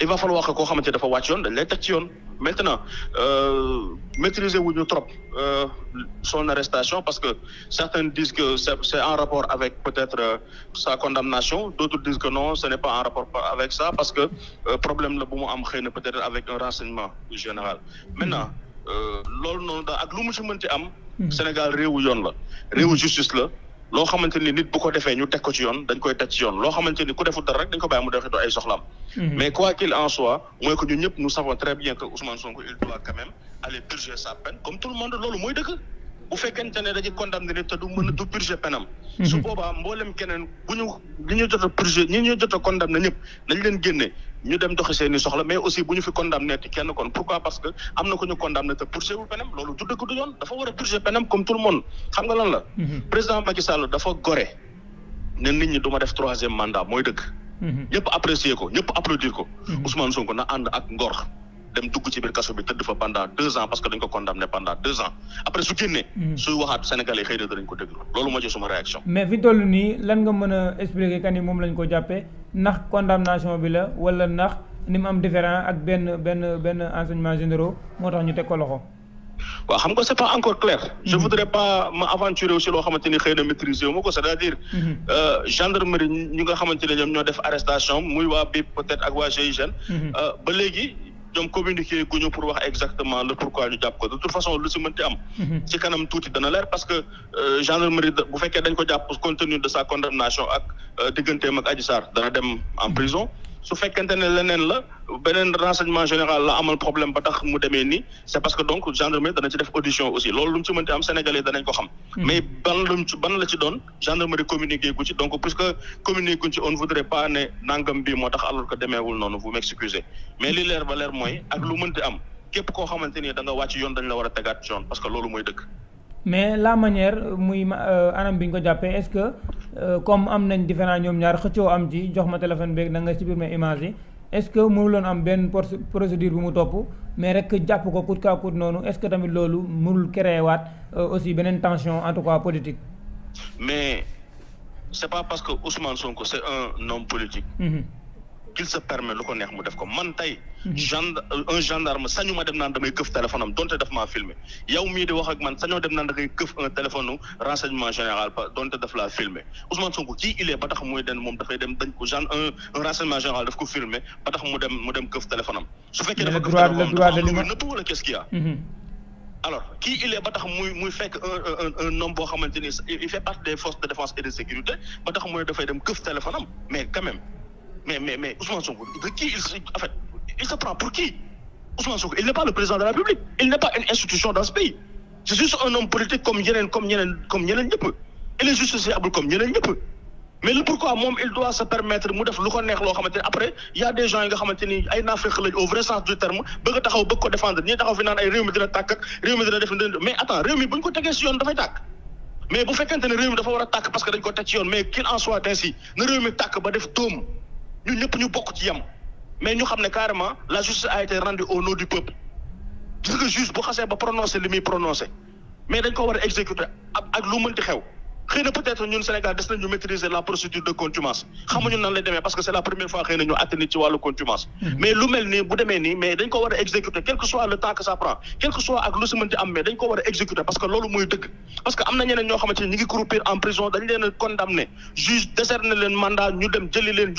il va falloir que nous xamante dafa wàcc dañ lay maintenant euh, maîtriser trop euh, son arrestation parce que certains disent que c'est en rapport avec peut-être euh, sa condamnation d'autres disent que non ce n'est pas en rapport avec ça parce que problème la peut-être avec un renseignement général maintenant le ak lu mu ci am hmm. Sénégal la justice loo xamante ni nit bu ko defee ñu teg ko ci yoon dañ koy teg ci yoon loo xamante ni ku deful dara rek dañ ko bàyyi mu doxee ay soxlaam. Mhm. mais quoi qu'il en soit mooy que ñun ñëpp nous savons très bien que Ousmane Sonko il doit quand même aller purger sa peine comme tout le monde loolu mooy dëgg. bu fekkente ne dañuy condamné nit te du mën a du purger penam. Mhm. su boobaa mboolem keneen bu ñu li ñu jot a purger ñi ñu jot a condamné ñëpp dañ leen génne. ñu dem doxi seeni soxla mais aussi bu ñu fi condamné ti kenn kon parce que am na ko ñu condamné te purgé wul penem loolu du dëgg yoon dafa war a purgé penem comme tout le monde xam nga lan la mhm. président Macky Sall dafa gore ne nit ñi du def troisième mandat mooy dëgg mhm. ñëpp apprécier ko ñëpp applaudir ko mhm. Ousmane Sonko na ànd ak ngor dem dugg ci biir kaso bi tëdd fa pendant deux ans parce que dañ ko condamné pendant deux ans après su génnee. Hmm. suy waxaat Sénégalais xëy na danañ ko déglu loolu moo ci suma réaction. mais fi toll nii lan nga mën a expliquer kan moom lañ ko jàppee ndax condamnation bi la wala ndax ni mu am différent ak benn benn benn enseignement moo tax ñu teg ko loxo. waaw xam nga c'est pas encore clair. je hmm. voudrais pas ma aventurer aussi loo xamante ni xëy na maîtriser ñoom communiqué guñu pour voir exactement le pourquoi ñu jàpp ko de toute façon lu si mënti am. Mhm. ci kanam tuuti dana leer parce que euh, gendarmerie bu fekkee dañ ko jàpp compte tenu de sa condamnation ak euh, digganteem ak Adji sar dana dem en prison su fekkente ne leneen la beneen renseignement général la amal problème ba tax mu demee nii c'est parce que donc gendarmerie dana ci def audition aussi loolu lu mu ci mënti am sénégalais danañ ko xam. Hmm. mais ban lu ci ban la ci doon gendarmerie communiqué gu ci donc puisque communiqué gu ci on ne voudrait pas ne nangam bii moo tax alors que demeewul noonu vous m'excusez mais li leer ba leer mooy ak lu mënti am képp koo xamante ni da nga wàcc yoon dañ la war a tegaat yoon parce que loolu mooy dëkk. mais la manière muy euh, anam bi ñu ko jàppee est-ce que. comme am nañ différent ñom ñaar xëccoo am ci jox ma téléphone beeg da nga ci bir ma image yi est-ce que mënu loon am benn procédure bu mu topp mais rek jàpp ko coûte que coûte noonu est-ce que tamit loolu mënul créer waat aussi beneen tension en tout cas politique. mais c'est pas parce que Ousmane Sonko c'est un homme politique. Mm-hmm. qu'il se permet mhm. de euh, un gendarme sañu ma dem téléphone filmer Il un téléphone renseignement général filmer Ousmane Sonko qui il est un renseignement général filmer téléphone téléphone a. Mhm. alors qui il est un un homme fait partie des forces de défense et de sécurité téléphone mais quand même mais, mais, mais Ousmane Sonko, qui il, s'apprend se prend pour qui Ousmane Sonko, il n'est pas le président de la République. Il n'est pas une institution dans ce pays. C'est juste un homme politique comme Yenen, comme Yenen, comme Yenen Il est juste sociable comme Yenen Yep. Mais pourquoi, il doit se permettre de faire Après, il y a des gens qui ont fait au vrai sens du terme, qui ont été défendre, n'y ont pas de l'attaque, réunis de défendre. Mais attends, réunis, ils ont été pas de l'attaque. Mais vous faites qu'un réunis de l'attaque parce qu'ils ont des question, mais qu'il en soit ainsi. Ne réunis pas de l'attaque, ñu ñëpp ñu bokk ci yam mais ñu xam ne carrément la justice a été rendue au nom du peuple gis nga bu xasee ba prononcé li muy prononcé mais dañ ko war a exécuter ak lu ti xew. xëy na peut-être ñun Sénégal des nañu maîtriser la procédure de contumace xamuñu nan lay demee parce que c'est la première fois xëy na ñu àtte nit ci wàllu mm-hmm. mais lu mel nii bu demee nii mais dañ ko war a exécuter soit le temps que ça prend soit ak lu si am mais dañ ko war a parce que loolu muy dëgg parce que am na ñeneen ñoo xamante ni ñi ngi en prison dañ leen condamné juge décerné leen mandat ñu dem jëli leen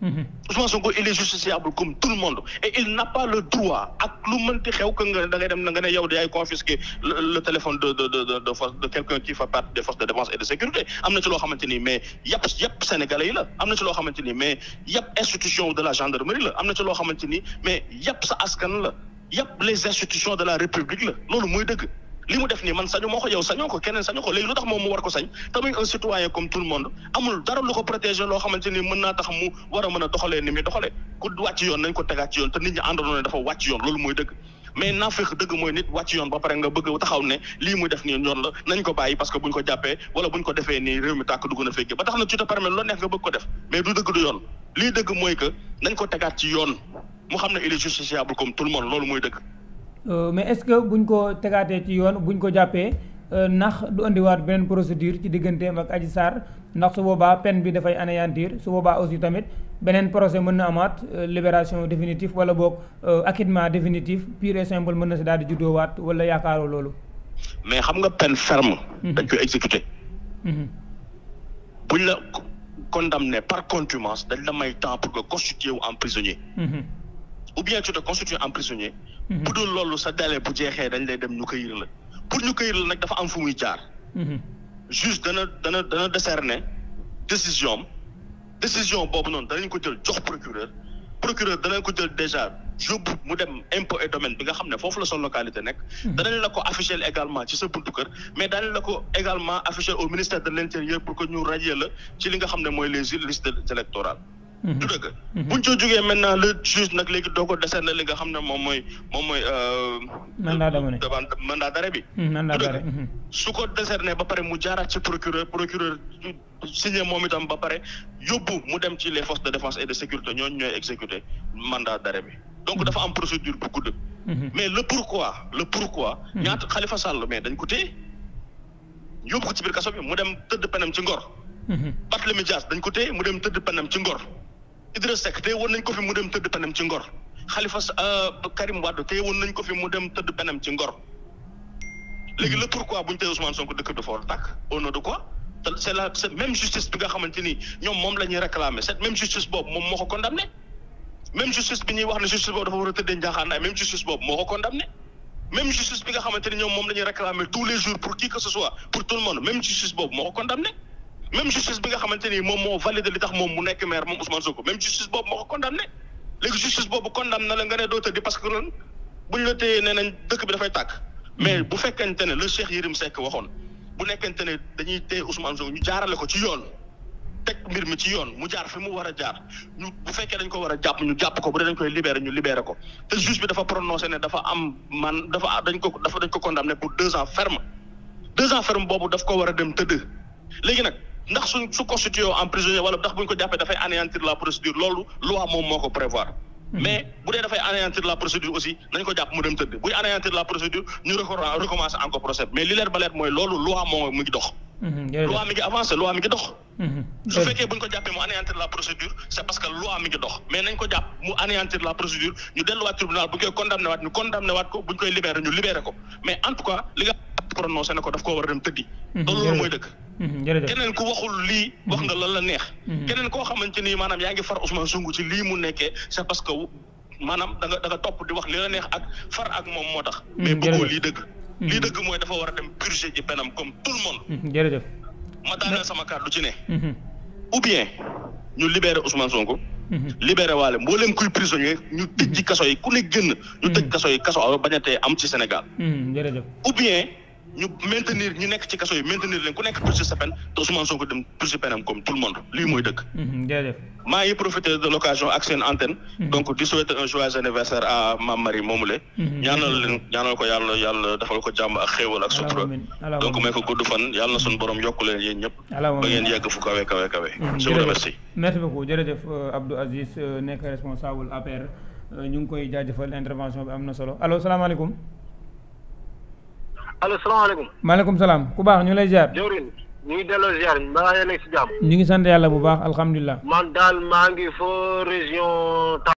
Mhm. Ousmane Sonko il est justiciable comme tout le monde et il n'a pas le droit ak lu mënti xew que nga da ngay dem nga ne yow day confisquer le téléphone de de de de de quelqu'un qui fait partie des forces de défense et de sécurité am na ci loo xamante mais yàpp yàpp sénégalais yi la am na ci loo xamante mais yàpp institution de la gendarmerie la am na ci loo xamante mais yàpp sa askan la yàpp les institutions de la république la loolu mooy dëgg li mu def nii man sañu moo ko yow sañoo ko keneen sañu ko léegi lu tax moom mu war ko sañ te un citoyen comme tout le monde amul dara lu ko protéger loo xamante ni naa tax mu war a mën a doxalee ni muy doxalee ku wàcc yoon nañ ko tegaat ci yoon te nit ñi àndoon dafa wàcc yoon loolu mooy dëgg mais naafeq dëgg mooy nit wàcc yoon ba pare nga bëgg taxaw ne lii muy def nii ñoon la nañ ko bàyyi parce que buñ ko jàppee wala buñ ko defee nii réew na fekkee ba tax na tu te permets loo neex nga bëgg ko def mais du dëgg du yoon lii dëgg mooy que nañ ko tegaat ci yoon mu xam ne il est justiciable comme tout le monde loolu Euh, mais est-ce que buñ ko tegaatee ci yoon buñ ko jàppee euh, ndax du indiwaat beneen procédure ci digganteem ak Adji saar ndax su boobaa peine bi dafay anéantir su boobaa aussi tamit beneen procès mën na amaat euh, libération définitive wala boog acquittement définitif pure et simple mën na si daal di juddoowaat wala yaakaaroo loolu. mais xam nga peine ferme. Mhm. dañ koy exécuter. Mhm. buñ la condamné par contumace dañ la may temps pour nga constituer wu en prisonnier. Mhm. obien bien tu te prisonnier. bu dul loolu sa délai bu jeexee dañ lay dem ñu cueillir la pour ñu cueillir la nag dafa am fu muy jaar. Mhm. juge dana dana dana décerner décision décision boobu noonu danañ ko jël jox procureur procureur danañ ko jël déjà yóbbu mu dem impôt et domaine bi nga xam ne foofu la son localité nekk. Mhm. danañ la ko affiché également ci sa buntu kër mais danañ la ko également affiché au ministère de l' pour que ñu radier la ci li nga xam ne mooy les listes électorales. Mm-hmm. du dëgg mm-hmm. buñ ci jógee maintenant le juge nag léegi doo ko décerner li nga xam ne moom mooy moom mooy euh, mandat d'arrêt mandat d'arrêt bi mm-hmm, du dëgg su ko décerner ba pare mu jaaraat ci procureur procureur signé moom itam ba pare yóbbu mu dem ci les forces de défense et de sécurité ñooñu ñooy exécuter mandat d'arrêt bi donc dafa am procédure bu gudd mais le pourquoi le pourquoi ñaata xalifa Sall mais dañ ko téye yóbbu ko ci biir kaso bi mu dem tëdd penam ci ngor Barthélémy Dias dañ ko mu dem tëdd penam ci ngor Idrissa Seck tey woon nañ ko fi mu dem tëdd penam ci ngor Khalifa euh, Karim wadou tey woon nañ ko fi mu dem tëdd penam ci ngor léegi le pourquoi buñ tey Ousmane Sonko dëkk dafa fort tak au nom de quoi c'est la même justice bi nga xamanteni ñom mom lañuy réclamer cette même justice Bob mom moko condamné même justice bi ñi wax ne justice Bob dafa wara a tëddee même justice Bob moko condamné même justice bi nga xamanteni ñom mom lañuy réclamer tous les jours pour qui que ce soit pour tout le monde même justice Bob moko condamné même justice bi nga xamante ni moom moo validé li tax moom mu nekk maire moom Ousmane Sonko même justice boobu moo ko condamné boobu condamné na la nga ne doo tëddi parce que loolu bu ñu la nee nañ dëkk bi dafay tàkk. mais bu fekkente ne le Cheikh Yérim Seck waxoon bu nekkente ne dañuy téye Ousmane Sonko ñu jaarale ko ci yoon teg mbir mi ci yoon mu jaar fi mu war a jaar ñu bu fekkee dañ ko war a jàpp ñu jàpp ko bu dee koy libéré ñu libéré ko te juge bi dafa prononcé ne dafa am man dafa dañ ko dafa dañ ko condamné pour deux ans ferme deux ans ferme boobu daf ko war a dem tëdd léegi nag. ndax suñ su constitution en prisonnier wala ndax buñ ko jappé da fay anéantir la procédure lolu loi mom moko prévoir hmm. mais bu dé da fay anéantir la procédure aussi nañ ko japp mu dem teud bu anéantir la procédure ñu recommence encore procès mais li leer ba moy lolu loi mom mu ngi dox hmm, hmm, loi mi ngi avancer loi mi ngi dox su fekkee buñ ko jappé mu anéantir la procédure c'est parce que loi mi ngi dox mais nañ ko japp mu anéantir la procédure ñu delluwaat tribunal bu ko condamné wat ñu condamné wat ko buñ koy libérer ñu libérer ko mais en tout cas li nga prononcer nako daf ko war dem tëddi lolu moy mooy dëkk Mhm, keneen ku waxul lii wax nga mhm. lan la neex mhm. keneen koo xamante ni maanaam yaa ngi far Ousmane sungu ci lii mu nekkee c'est parce que maanaam da nga da nga topp di wax li la neex ak far ak moom moo tax mais bëggoo lii dëgg lii dëgg mooy dafa war a dem purger ci penam comme tout le monde jërëjëf ma daaneel sama kàddu ci ne ou bien ñu libérer Ousmane Sonko libéré waale mboolem kuy prisonnier ñu tëj ci kaso yi ku ne génn ñu tëj kaso yi kaso bañatee am ci Sénégal ou bien ñu maintenir ñu nekk ci kaso yi maintenir leen ku nekk purge sa peine te Ousmane Sonko dem purge peine am comme tout le monde lii mooy dëkk. Mhm, jërëjëf maa ngi de l'occasion ak seen mhm. donc di souhaiter anniversaire à Mame Marie Momoulé. Mhm. ñaanal leen ñaanal ko yàlla yàlla defal ko jàmm ak xéewal ak sutura. donc may ko gudd fan yàlla na suñu yokk leen yéen ñëpp. ba yegg fu kawe kawe kawe. je vous merci beaucoup jërëjëf euh, Abdou Aziz euh, nekk responsable APR euh, allo salaamaaleykum. maaleykum salaam ku baax ñu lay ziar. jawrin ñu ngi delloo ziar ba nga nekk si jàmm. ñu ngi sant yàlla bu baax alhamdulilah. man daal maa ngi fo région.